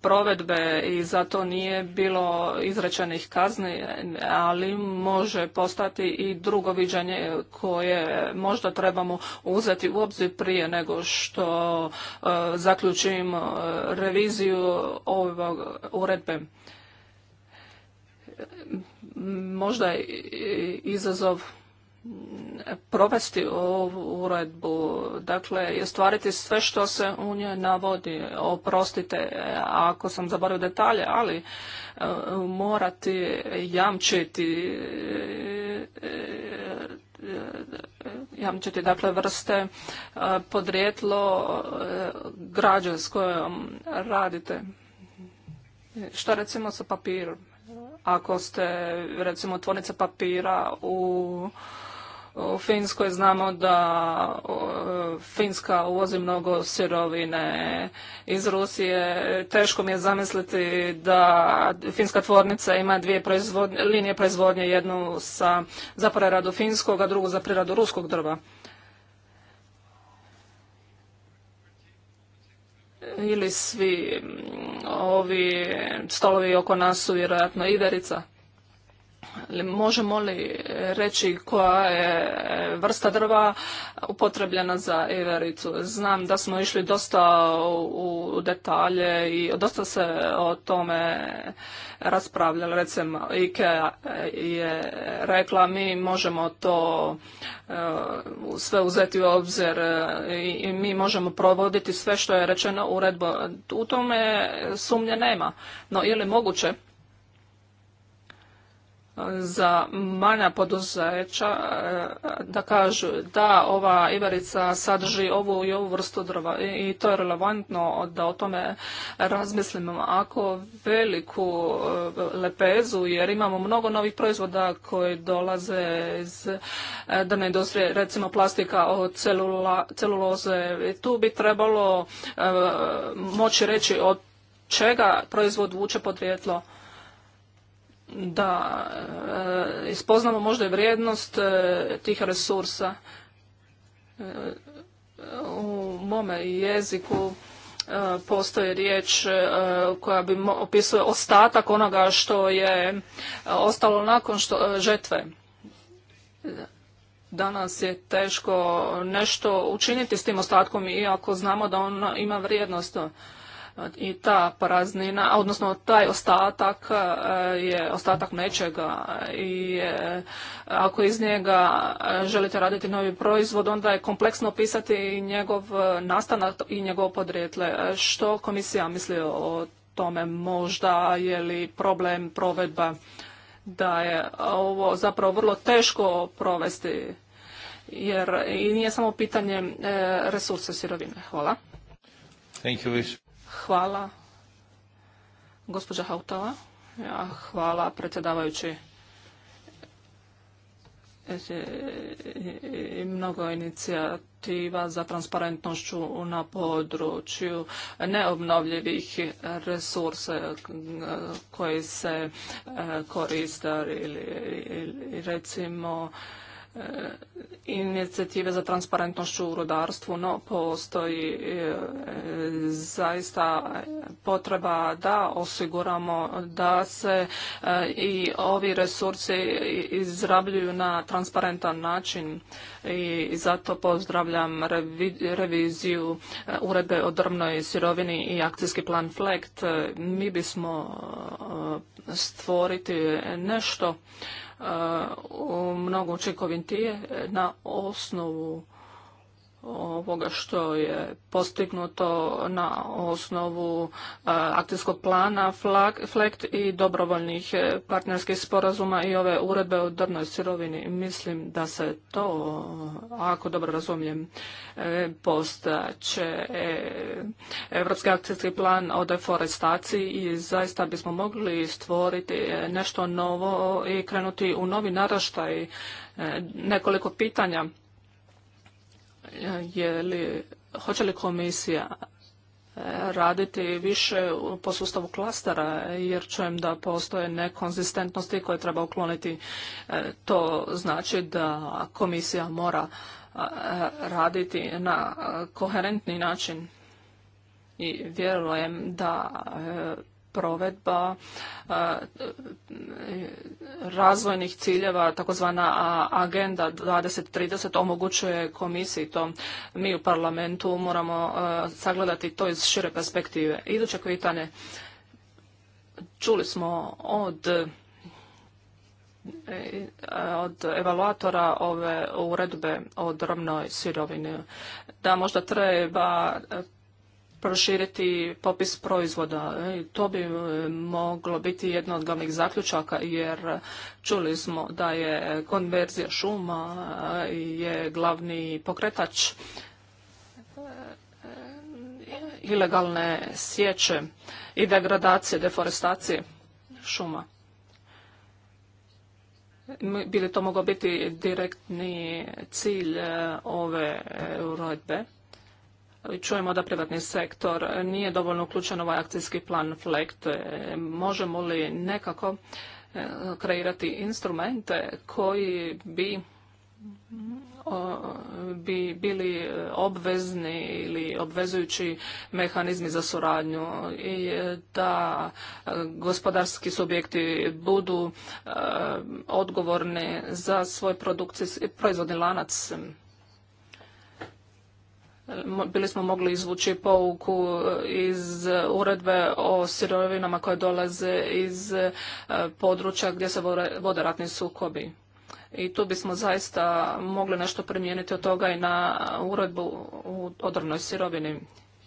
provedbe i zato nije bilo izrečenih kazni, ali može postati i drugo viđanje koje možda trebamo uzeti u obzir prije nego što e, zaključim reviziju ovog uredbe možda izazov provesti ovu uredbu dakle, i ostvariti sve što se u njoj navodi. Oprostite ako sam zaboravio detalje, ali e, morati jamčiti e, e, jamčiti dakle vrste podrijetlo građe s kojom radite. Što recimo sa papirom? Ako ste recimo tvornica papira u u Finskoj znamo da Finska uvozi mnogo sirovine iz Rusije. Teško mi je zamisliti da finska tvornica ima dvije linije proizvodnje, jednu sa, za preradu finskog, a drugu za preradu ruskog drva. Ili svi mm, ovi stolovi oko nas su vjerojatno iverica. Možemo li reći koja je vrsta drva upotrebljena za Ivericu? Znam da smo išli dosta u detalje i dosta se o tome raspravljali. Recimo, Ikea je rekla mi možemo to e, sve uzeti u obzir i mi možemo provoditi sve što je rečeno u redbu. U tome sumnje nema. No, je li moguće za manja poduzeća e, da kažu da ova ivarica sadrži ovu i ovu vrstu drva i to je relevantno da o tome razmislimo. Ako veliku e, lepezu, jer imamo mnogo novih proizvoda koji dolaze iz e, drvne industrije, recimo plastika od celuloze, tu bi trebalo moći reći od čega proizvod vuče podrijetlo da e, ispoznamo možda i vrijednost e, tih resursa. E, u mome jeziku postoji riječ koja bi opisuje ostatak onoga što je ostalo nakon što, žetve. Danas je teško nešto učiniti s tim ostatkom, iako znamo da on ima vrijednost i ta praznina, odnosno taj ostatak e, je ostatak nečega i e, ako iz njega e, želite raditi novi proizvod, onda je kompleksno pisati i njegov nastanak i njegovo podrijetle. Što komisija misli o tome? Možda je li problem provedba da je ovo zapravo vrlo teško provesti jer i nije samo pitanje resursa sirovine. Hvala. Thank you. Hvala, gospođa Hautala. hvala, predsjedavajući. Mnogo inicijativa za transparentnošću na području neobnovljivih resursa e, koji se e, koriste ili recimo Eh, inicijative za transparentnošću u rudarstvu no postoji eh, zaista potreba da osiguramo da se eh, i ovi resursi izrabljuju na transparentan način i zato pozdravljam reviziju uredbe o drvnoj sirovini i akcijski plan FLECT. Mi bismo stvoriti nešto e, mnogo učinkovitije na osnovu ovoga što je postignuto na osnovu e, akcijskog plana FLECT i dobrovoljnih e, partnerskih sporazuma i ove uredbe o drvnoj sirovini. Mislim da se to, ako dobro razumijem, e, postaće Evropski akcijski plan o deforestaciji i zaista bismo mogli stvoriti nešto novo i krenuti u novi naraštaj nekoliko pitanja je li, hoće li komisija e, raditi više po sustavu klastera jer čujem da postoje nekonzistentnosti koje treba ukloniti. E, to znači da komisija mora e, raditi na koherentni način i vjerujem da provedba e, razvojnih ciljeva, takozvana agenda 2030 omogućuje komisiji to. Mi u parlamentu moramo e, sagledati to iz šire perspektive. Iduće kvitane čuli smo od e, od evaluatora ove uredbe o drvnoj sirovini da možda treba proširiti popis proizvoda. E, to bi e, moglo biti jedno od glavnih zaključaka jer čuli smo da je konverzija šuma e, je glavni pokretač ilegalne sječe i degradacije, deforestacije šuma. Bili to mogao biti direktni cilj ove uredbe? Čujemo da privatni sektor nije dovoljno uključen u ovaj akcijski plan FLECT. E, možemo li nekako e, kreirati instrumente koji bi bi bili obvezni ili obvezujući mehanizmi za suradnju i da e, gospodarski subjekti budu odgovorni za svoj proizvodni lanac bili smo mogli izvući pouku e, iz uredbe o sirovinama koje dolaze iz e, područja gdje se vode ratni sukobi. I tu bismo zaista mogli nešto primijeniti od toga i na uredbu u odrvnoj sirovini.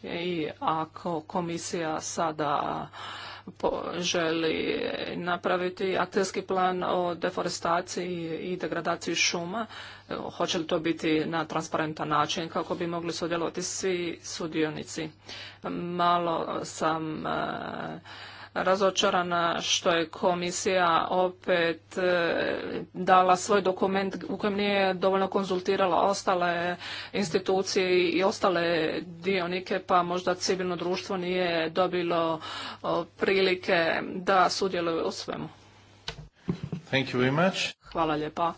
I ako komisija sada želi napraviti akcijski plan o deforestaciji i degradaciji šuma. E, hoće li to biti na transparentan način kako bi mogli sudjelovati svi sudionici? Malo sam e, razočarana što je komisija opet e, dala svoj dokument u kojem nije dovoljno konzultirala ostale institucije i ostale dionike, pa možda civilno društvo nije dobilo prilike da sudjeluje u svemu. Thank Hvala lijepa.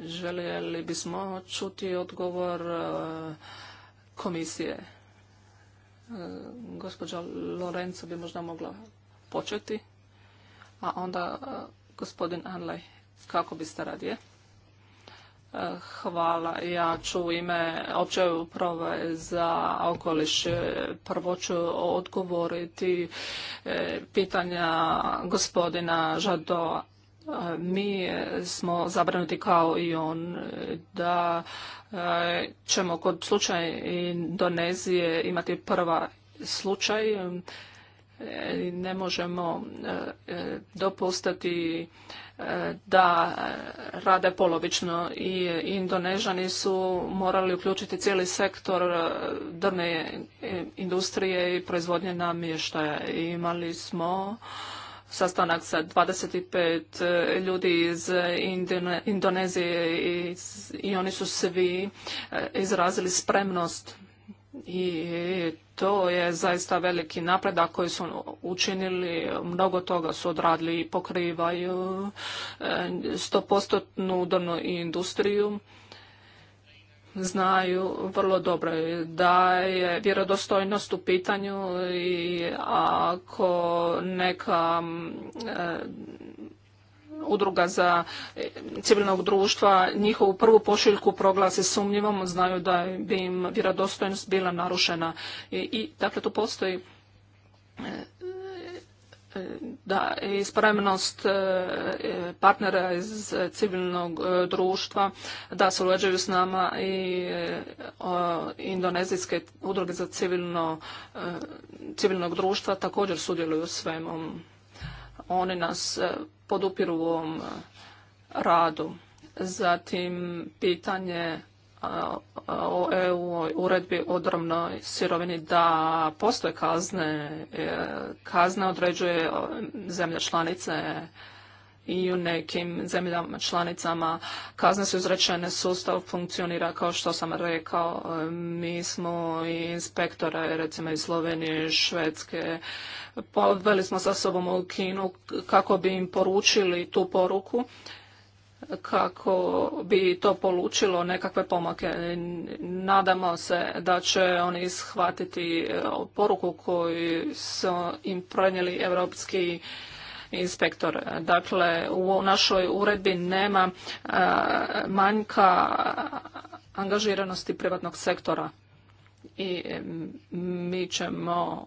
Željeli bismo čuti odgovor e, komisije. E, gospođa Lorenzo bi možda mogla početi, a onda e, gospodin Anlej, kako biste radije? E, hvala. Ja ću u ime opće uprave za okoliš prvo ću odgovoriti pitanja gospodina Žadoa mi smo zabranuti kao i on da e, ćemo kod slučaja Indonezije imati prva slučaj. E, ne možemo e, dopustiti da rade polovično i Indonežani su morali uključiti cijeli sektor drvne industrije i proizvodnje namještaja. Imali smo sastanak sa 25 e, ljudi iz Indonezije i, oni su svi e, izrazili spremnost i to je zaista veliki napredak koji su učinili, mnogo toga su odradili i pokrivaju 100% e, udarnu industriju znaju vrlo dobro da je vjerodostojnost u pitanju i ako neka eh, udruga za eh, civilnog društva njihovu prvu pošiljku proglasi sumnjivom, znaju da bi im vjerodostojnost bila narušena. I, i dakle, tu postoji eh, E, da, i spremnost e, e, partnera iz civilnog društva da se uleđaju s nama i indonezijske udruge za civilno, civilnog društva također sudjeluju u svemu. Oni nas podupiru u ovom radu. Zatim pitanje o EU uredbi o drvnoj sirovini da postoje kazne. E, kazne određuje e, zemlje članice i u nekim zemljama članicama kazne su izrečene, sustav funkcionira kao što sam rekao. E, mi smo i inspektore recimo iz Slovenije, Švedske, poveli smo sa sobom u Kinu kako bi im poručili tu poruku kako bi to polučilo nekakve pomake. Nadamo se da će oni shvatiti e, poruku koju su im prenijeli europski inspektor. Dakle, u našoj uredbi nema e, manjka angažiranosti privatnog sektora i mi ćemo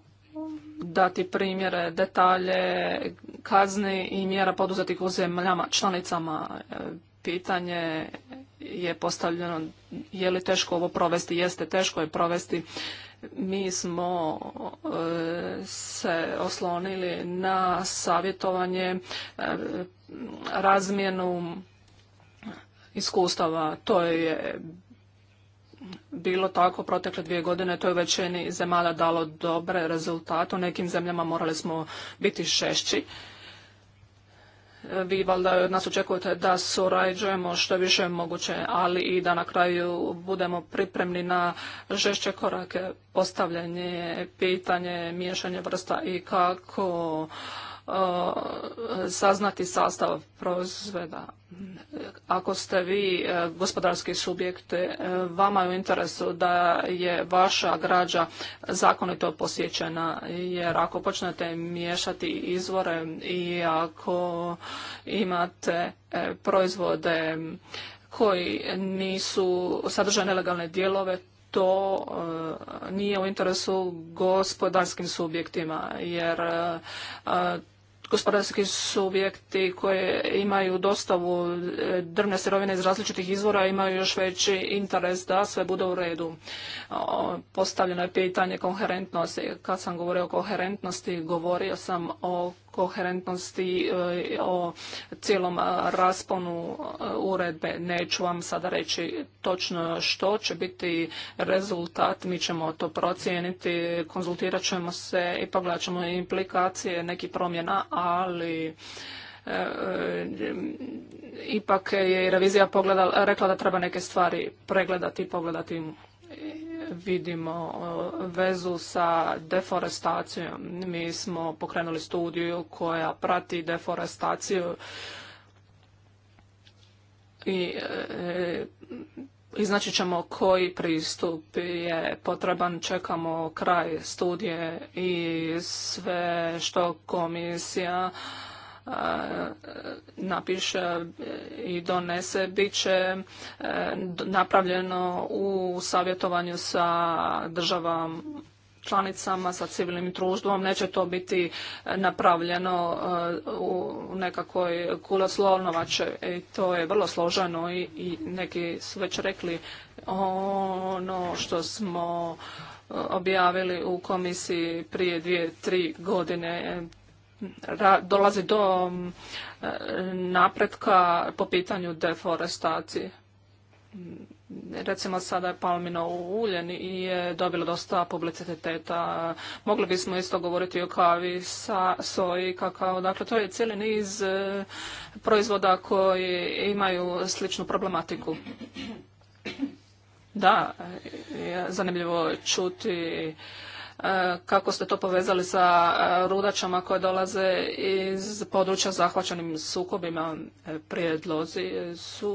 dati primjere, detalje, kazni i mjera poduzetih u zemljama članicama. E, pitanje je postavljeno je li teško ovo provesti, jeste teško je provesti. Mi smo e, se oslonili na savjetovanje, e, razmjenu iskustava. To je bilo tako protekle dvije godine, to je u većini zemalja dalo dobre rezultate. U nekim zemljama morali smo biti šešći. E, vi valjda od nas očekujete da surađujemo što više moguće, ali i da na kraju budemo pripremni na žešće korake, postavljanje, pitanje, miješanje vrsta i kako E, saznati sastav proizvoda. Ako ste vi e, gospodarski subjekt, e, vama je u interesu da je vaša građa zakonito posjećena, jer ako počnete miješati izvore i ako imate proizvode koji nisu sadržane nelegalne dijelove, to nije u interesu gospodarskim subjektima jer gospodarski subjekti koji imaju dostavu e, drvne sirovine iz različitih izvora imaju još veći interes da sve bude u redu. Postavljeno je pitanje koherentnosti. Kad sam govorio o koherentnosti, govorio sam o koherentnosti e, o cijelom e, rasponu e, uredbe. Neću vam sada reći točno što će biti rezultat. Mi ćemo to procijeniti, konzultirat ćemo se i pogledat ćemo implikacije nekih promjena, ali ipak je i revizija pogledala, rekla da treba neke stvari pregledati i pogledati vidimo e, vezu sa deforestacijom. Mi smo pokrenuli studiju koja prati deforestaciju i e, iznaći ćemo koji pristup je potreban. Čekamo kraj studije i sve što komisija E, napiše i donese bit će e, napravljeno u savjetovanju sa državom članicama, sa civilnim društvom. Neće to biti napravljeno e, u nekakvoj kuloslovnovače. I to je vrlo složeno i, i neki su već rekli ono što smo objavili u komisiji prije dvije, tri godine dolazi do mm, napretka po pitanju deforestacije. Mm, recimo sada je palmino uljen i je dobilo dosta publiciteta. Mogli bismo isto govoriti o kavi, sa, soji, kakao. Dakle, to je cijeli niz e, proizvoda koji imaju sličnu problematiku. Da, e, je zanimljivo čuti E, kako ste to povezali sa e, rudačama koje dolaze iz područja zahvaćenim sukobima. E, prijedlozi su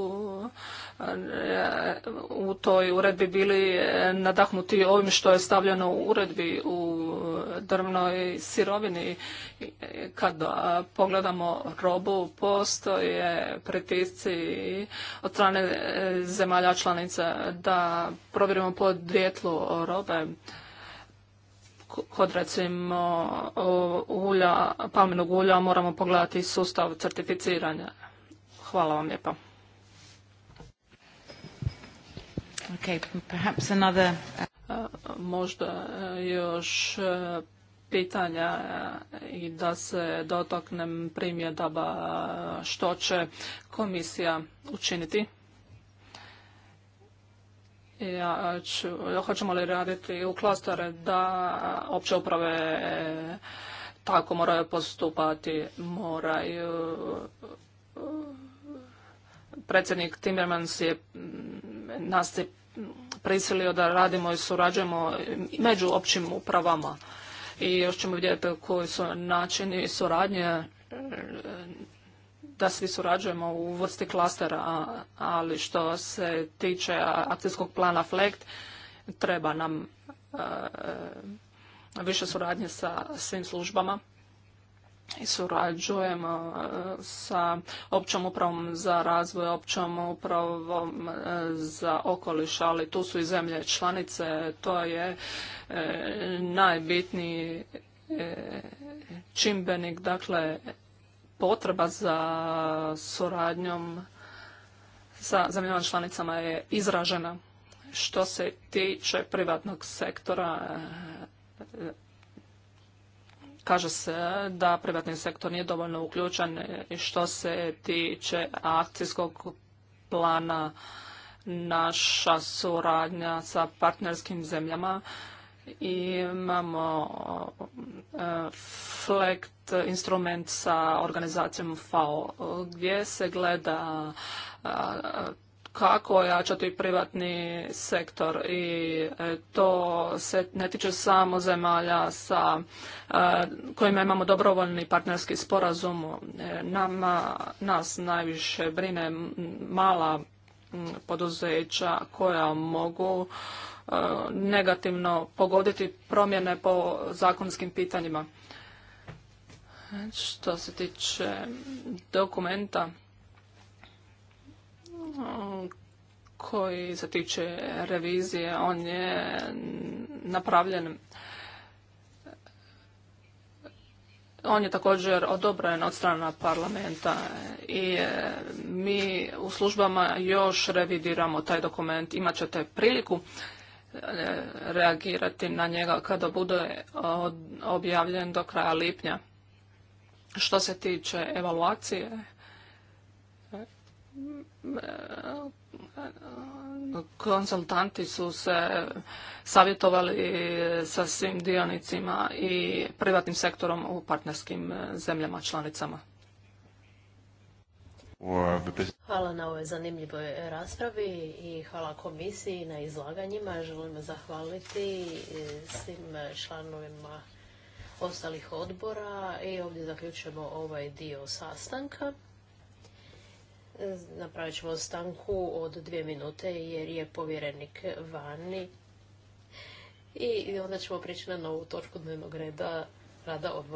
u toj uredbi bili nadahnuti ovim što je stavljeno u uredbi u drvnoj sirovini. Kad pogledamo robu, postoje pritisci od strane zemalja članica da provjerimo podrijetlo robe kod recimo ulja, palminog ulja moramo pogledati sustav certificiranja. Hvala vam lijepa. Okay, perhaps another... Uh, možda e, još e, pitanja e, i da se dotaknem primjedaba što će komisija učiniti ja ću, hoćemo li raditi u klastore da opće uprave e, tako moraju postupati, moraju e, predsjednik Timmermans je nas je prisilio da radimo i surađujemo među općim upravama i još ćemo vidjeti koji su načini suradnje e, da svi surađujemo u vrsti klastera, ali što se tiče akcijskog plana FLECT, treba nam e, više suradnje sa svim službama i surađujemo e, sa općom upravom za razvoj, općom upravom e, za okoliš, ali tu su i zemlje članice, to je najbitniji čimbenik, dakle potreba za suradnjom sa zemljama članicama je izražena. Što se tiče privatnog sektora, eh, kaže se da privatni sektor nije dovoljno uključen što se tiče akcijskog plana naša suradnja sa partnerskim zemljama imamo FLECT instrument sa organizacijom FAO gdje se gleda kako ojačati privatni sektor i e, to se ne tiče samo zemalja sa kojima imamo dobrovoljni partnerski sporazum. E, nama, nas najviše brine mala poduzeća koja mogu E, negativno pogoditi promjene po zakonskim pitanjima. Što se tiče dokumenta koji se tiče revizije, on je napravljen on je također odobren od strana parlamenta i e, mi u službama još revidiramo taj dokument. Imat ćete priliku reagirati na njega kada bude objavljen do kraja lipnja. Što se tiče evaluacije, konsultanti su se savjetovali sa svim dionicima i privatnim sektorom u partnerskim zemljama članicama. Hvala na ovoj zanimljivoj raspravi i hvala komisiji na izlaganjima. Želim zahvaliti e, svim članovima ostalih odbora i ovdje zaključujemo ovaj dio sastanka. E, napravit ćemo stanku od dvije minute jer je povjerenik vani i onda ćemo prići na novu točku dnevnog reda rada odbora.